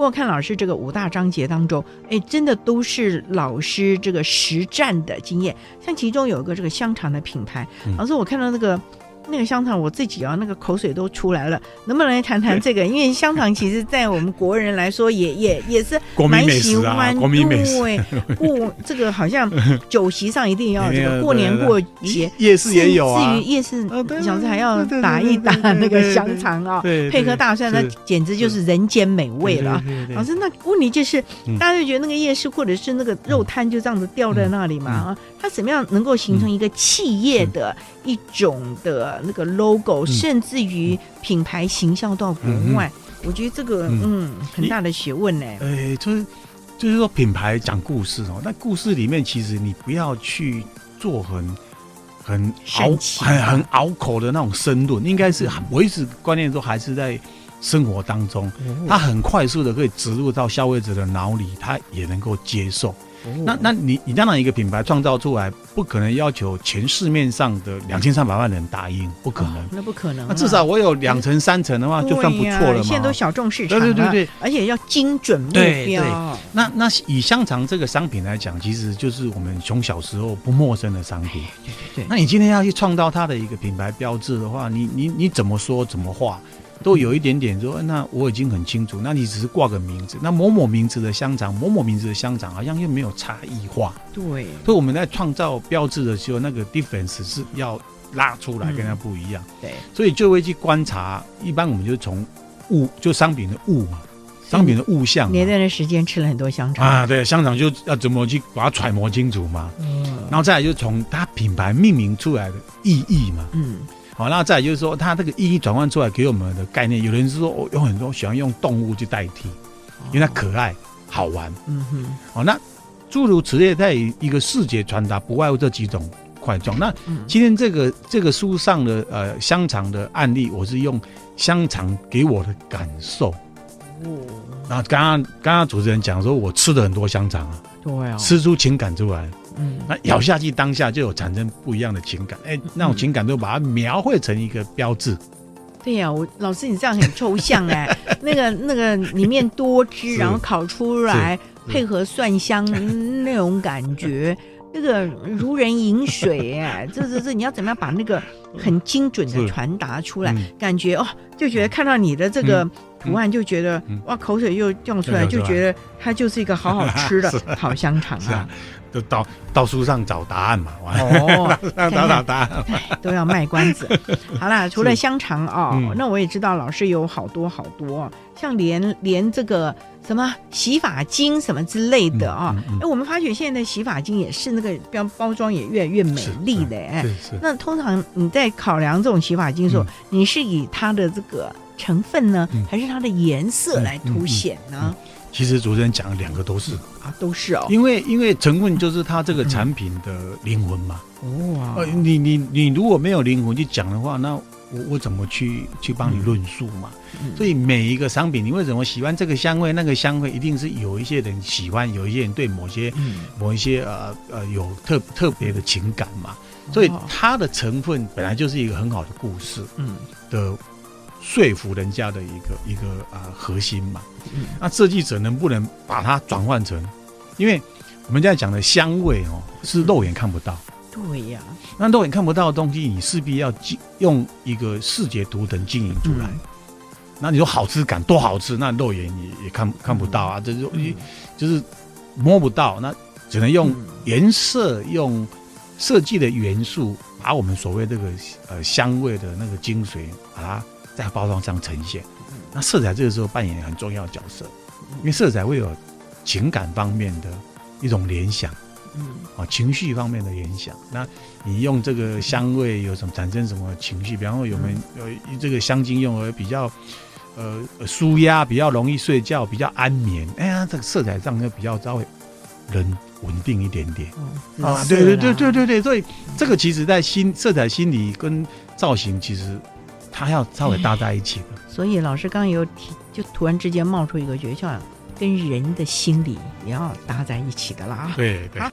不過看老師這個五大章節當中，哎，真的都是老師這個實戰的經驗。像其中有一個這個香腸的品牌，老師我看到那、這個。那個香腸我自己啊，那個口水都出來了。能不能來談談這個？因為香腸其實在我們國人來說，也也也是蠻喜歡。對，國民美食啊，國民美食。過這個好像酒席上一定要這個，過年過節，夜市也有。至於夜市，老師還要打一打那個香腸啊，配顆大蒜，那簡直就是人間美味了。老師，那問題就是，大家就覺得那個夜市或者是那個肉攤就這樣子吊在那裡嘛？啊，它怎麼樣能夠形成一個企業的一種的？那個 logo，、嗯、甚至於品牌形象到國外，嗯嗯、我覺得這個嗯，嗯，很大的學問呢、欸。哎、欸，就是就是說品牌講故事哦，那故事裡面其實你不要去做很很傲奇很很拗口的那種深度，嗯、應該是我一直觀念說還是在生活當中，它、哦、很快速的可以植入到消費者的腦裡，他也能夠接受。那那你你那樣一個品牌創造出來，不可能要求全市面上的兩千三百萬人答應，不可能。哦、那不可能、啊。那至少我有兩成三成的話，就算不錯了嘛。現在都小眾市場。對對對，而且要精準目標。對對、對、對、對、對。那那以香腸這個商品來講，其實就是我們從小時候不陌生的商品。對對對。對對對，那你今天要去創造它的一個品牌標誌的話，你你你怎麼說，怎麼畫？都有一點點說，那我已經很清楚，那你只是掛個名字，那某某名字的香腸，某某名字的香腸，好像又沒有差異化。對。所以我們在創造標誌的時候，那個 difference 是要拉出來，嗯、跟它不一樣。對。所以就會去觀察，一般我們就從物，就商品的物嘛，是商品的物象。年代的時間吃了很多香腸啊，對，香腸就要怎麼去把它揣摩清楚嘛。嗯。然後再來就從它品牌命名出來的意義嘛。嗯。好、哦，那再來就是說，它這個意義轉換出來給我們的概念，有人是說，哦、我有很多喜歡用動物去代替，因為它可愛、好玩。哦、嗯哼。好、哦，那諸如此類，在一個視覺傳達，不外乎這幾種塊狀。嗯、哼那今天這個這個書上的呃香腸的案例，我是用香腸給我的感受。哦、嗯。那剛剛剛剛主持人講說，我吃了很多香腸啊，對啊、哦，吃出情感出來。嗯，那咬下去當下就有產生不一樣的情感，哎、欸，那種情感都把它描繪成一個標誌、嗯。對呀、啊，我老師你這樣很抽象哎、欸， 那個那個裡面多汁， 是然後烤出來配合蒜香那種感覺， 那個如人飲水哎、欸， 這這這你要怎麼樣把那個很精準的傳達出來？ 是感覺哦，就覺得看到你的這個。嗯圖案就覺得哇，口水又掉出來，就覺得它就是一個好好吃的烤香腸啊！都到到書上找答案嘛，哦，找找答案都要賣關子。好啦，除了香腸哦，那我也知道老師有好多好多，像連連這個什麼洗髮精什麼之類的啊。哎，我們發覺現在的洗髮精也是那個標包裝也越來越美麗嘞。哎，那通常你在考量這種洗髮精的時候，你是以它的這個。成分呢，還是它的顏色來凸顯呢、嗯嗯嗯嗯？其實主持人講的兩個都是啊，都是哦。因為因為成分就是它這個產品的靈魂嘛。哦啊、嗯，你你你如果沒有靈魂去講的話，那我我怎麼去去幫你論述嘛？嗯、所以每一個商品，你為什麼喜歡這個香味，那個香味，一定是有一些人喜歡，有一些人對某些、嗯、某一些呃呃有特特別的情感嘛。哦、所以它的成分本來就是一個很好的故事，嗯的。嗯說服人家的一個一個啊、呃、核心嘛，嗯、那設計者能不能把它轉換成？因為我們現在講的香味哦，是肉眼看不到。對呀、啊，那肉眼看不到的東西，你勢必要用一個視覺圖騰經營出來。嗯、那你說好吃感多好吃，那肉眼也也看看不到啊，這東西就是摸不到，那只能用顏色、嗯、用設計的元素，把我們所謂這個呃香味的那個精髓把它。在包裝上呈現，那色彩這個時候扮演很重要的角色，因為色彩會有情感方面的一種聯想，嗯、啊，情緒方面的聯想。那你用這個香味有什麼產生什麼情緒？比方說有沒有，嗯、有這個香精用而比較呃舒壓，比較容易睡覺，比較安眠。哎呀，這個色彩上就比較稍微人穩定一點點。嗯、啊，對對對對對對，所以這個其實在心色彩心理跟造型其實。它要稍微搭在一起的，嗯，所以老師剛有提，就突然之間冒出一個訣竅，跟人的心理也要搭在一起的啦、啊。對對。啊